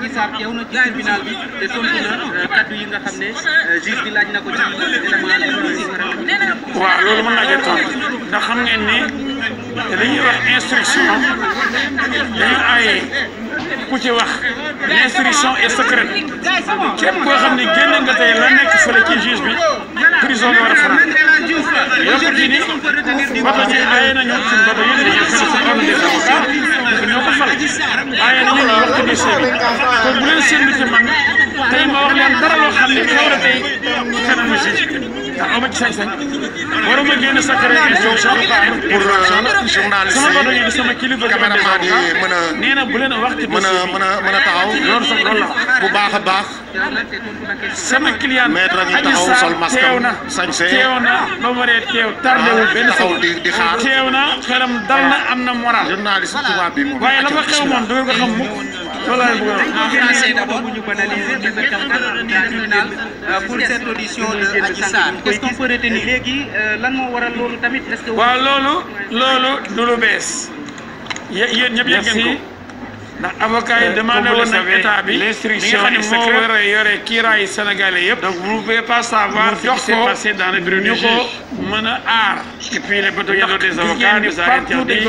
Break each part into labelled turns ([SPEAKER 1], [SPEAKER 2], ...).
[SPEAKER 1] Adji na ci tribunal bi te tontu euh, yi nga xam ne euh, juge bi laaj na ko ci élément waaw loolu mën naa jël tontu ndax xam ngeen ni li ñuy wax instruction dañu aaye ku ci wax l'instruction est secrète képp koo xam ne génn nga tey la nekk fële ci bi prison la a faral yëkkati ni bato yi aaye nañu suñu bato yi dañuy def seen des avocats parce que ñoo ko fal aaye nañu ñu waxtu bi seen kon bu leen seen bi te man tey ma wax leen dara loo xam ne xew na tey kanamu si ndax ama ci sañ-sañ waruma génn sa kër yi pour sama bato yi sama kilifa cameraman yi mën a nee na bu leen wax ci mën a mën a mën a taxaw loolu sax loolu la bu baax a baax sama client maître ngi taxaw sol masque teew na sañse teew na ba mu waree teew ah, tardewul benn taxaw di di xaar teew na xelam dal na am na moral journaliste tubaab bi moom waaye la fa xew moom doo ko xam mukk En français d'abord, pour analyser le tribunal euh, pour cette audition de Adji Sarr. Qu'est-ce qu'on peut retenir? léegi euh, lan moo waral loolu tamit est-ce que. waaw loolu loolu du lu bees. yéen ñëpp yëg ngeen ko ndax avocat yi euh, demandé woon nañ état bi l'instruction est secrète li nga xam ne moo war a yore kiiraayu sénégalais yëpp. donc vous ne pouvez pas savoir ce qui s'est passé dans le bureau du juge mën a aar. et puis les bataillons des avocats nous a interdit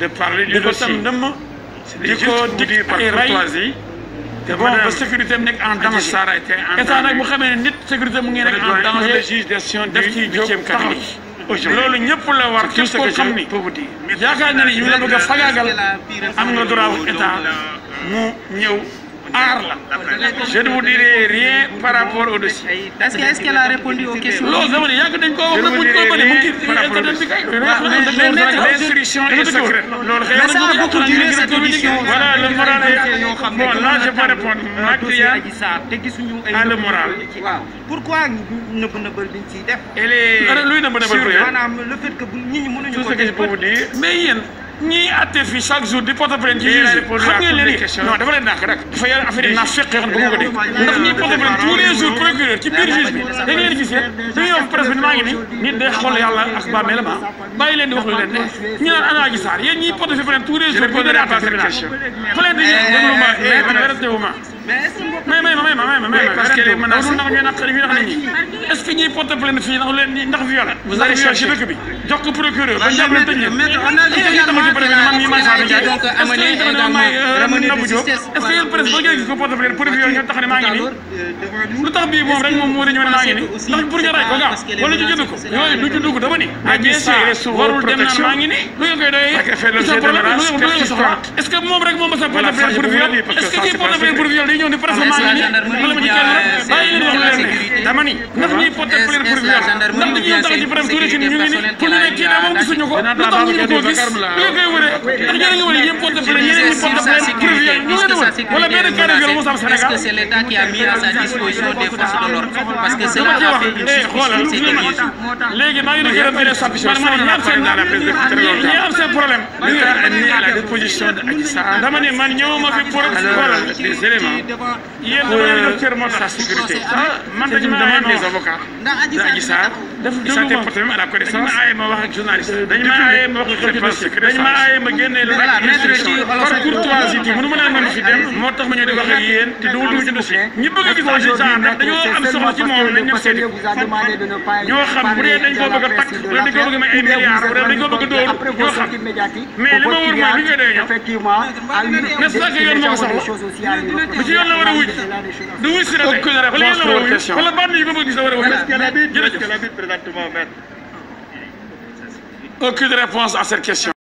[SPEAKER 1] de parler du dossier. di ko dig ay rey te bon ba sécurité am nekk en danger état nag bu xamee ne nit sécurité mu ngi nekk en danger def ci jóg taxaw loolu ñëpp la war képp koo xam ni yaakaar na ne ñu la bëgg a fagaagal am nga droit état euh, mu ñëw. aar je ne vous dirai rien par rapport au dossier. est-ce que est-ce qu'elle a répondu aux questions. loolu sama ne yàgg dañ koo wax nag bu ñu ko ko ne mu ngi l'instruction est secrète. loolu xëy na ça a beaucoup duré cette audition. voilà le moral est bon là je peux répondre. nag yaa à le moral. waaw pourquoi nëbb nëbbal biñ ciy def. elle est sur maanaam le fait que nit ñi mënuñu ko. ñii àtte fii chaque jour di porte plainte ci juge xam ngeen leen non dafa leen nàkk rek dafa yor affaire yi naa feqee xam nga ko dégg ndax ñii porte plainte tous les jours procureur ci biir juge bi da ngeen leen gis yéen dañuy wax presse bi ni maa ngi nii nit day xool yàlla ak ba melam ah bàyyi leen di wax lu leen ne ñu naan Adji Sarr yéen ñii porte fi plainte tous les jours bi ngeen àtte tribunal plainte yi eh, déglu ma mais vérité wu ma mais est-ce que may may may may may may parce que mën naa ndax ñu naqari ñu nax nit ñi est-ce que ñuy porte plainte fii ndax leen ni ndax viol ndax viol ci dëkk bi jox ko procureur ba jàpp leen tëj leen man mii Massa Ndiaye donc amené ramener de justice est-ce que yéen presse ba ngeen gis ko porte plainte pour viol ñoo tax ne maa ngi nii lu tax bii moom rek moom moo di ñëw ne maa ngi nii ndax pour nga ray ko gaaw wala ñu jënd ko yooyu du ci dugg dama ni ah bien sûr warul dem naan maa ngi nii lu ngeen koy doyee sa problème lu ngeen soxla est-ce que moom rek moom ma sa porte plainte pour viol est-ce que kii porte plainte pour viol day ñëw ni presque maa ngi nii ma kenn bàyyi leen wax leen ne dama ni ndax ñuy porté plainte pour viol ndax dañuy yoon dara ci presse tuuti si ñu ngi ni pour ñu ne kii daa moom gisuñu ko lu tax ñu ko gis li koy wëree ndax ñeneen ñu wëree yéen porté plainte ñeneen ñi porté plainte pour viol ñu leen wër wala benn cas de viol mos am Sénégal est-ce que c'est l'État qui a mis à sa disposition des forces de l'ordre parce que cela a fait une eh, suspicion ces derniers jours léegi maa ngi di gërëm benn sappition man ñi am seen ñi am seen problème à la disposition de Adji Sarr dama ne man ñëwuma fi pour xoolal des éléments yéen dama leen jox cër moo tax sécurité man dañu ma aaye des avocats Adji Sarr Issa Tey Poté à la connaissance dañu ma aaye ma wax ak journaliste dañu ma aaye ma wax ak journaliste dañu ma aaye ma génnee lu nekk instruction par courtoisie bi mënu ma naan man fi dem moo tax ma ñëw di wax ak yéen te dugul dugul ci dossier ñi bëgg a gis Adji Sarr nag dañoo am soxla ci moom nañ ñëpp seeti ñoo xam bu dee dañ koo bëgg a takk bu dee dañ koo bëgg a may ay milliards bu dee dañ koo bëgg a dóor ñoo xam mais li ma wóor mooy bi ñu koy dee ñoom n'est-ce pas que yoon moo ko soxla yoon la war a wuj du wuj si rek wala yoon la war a wuj wala bànn yi ba ma gis la war a wuj jërëjëf aucune réponse à cette question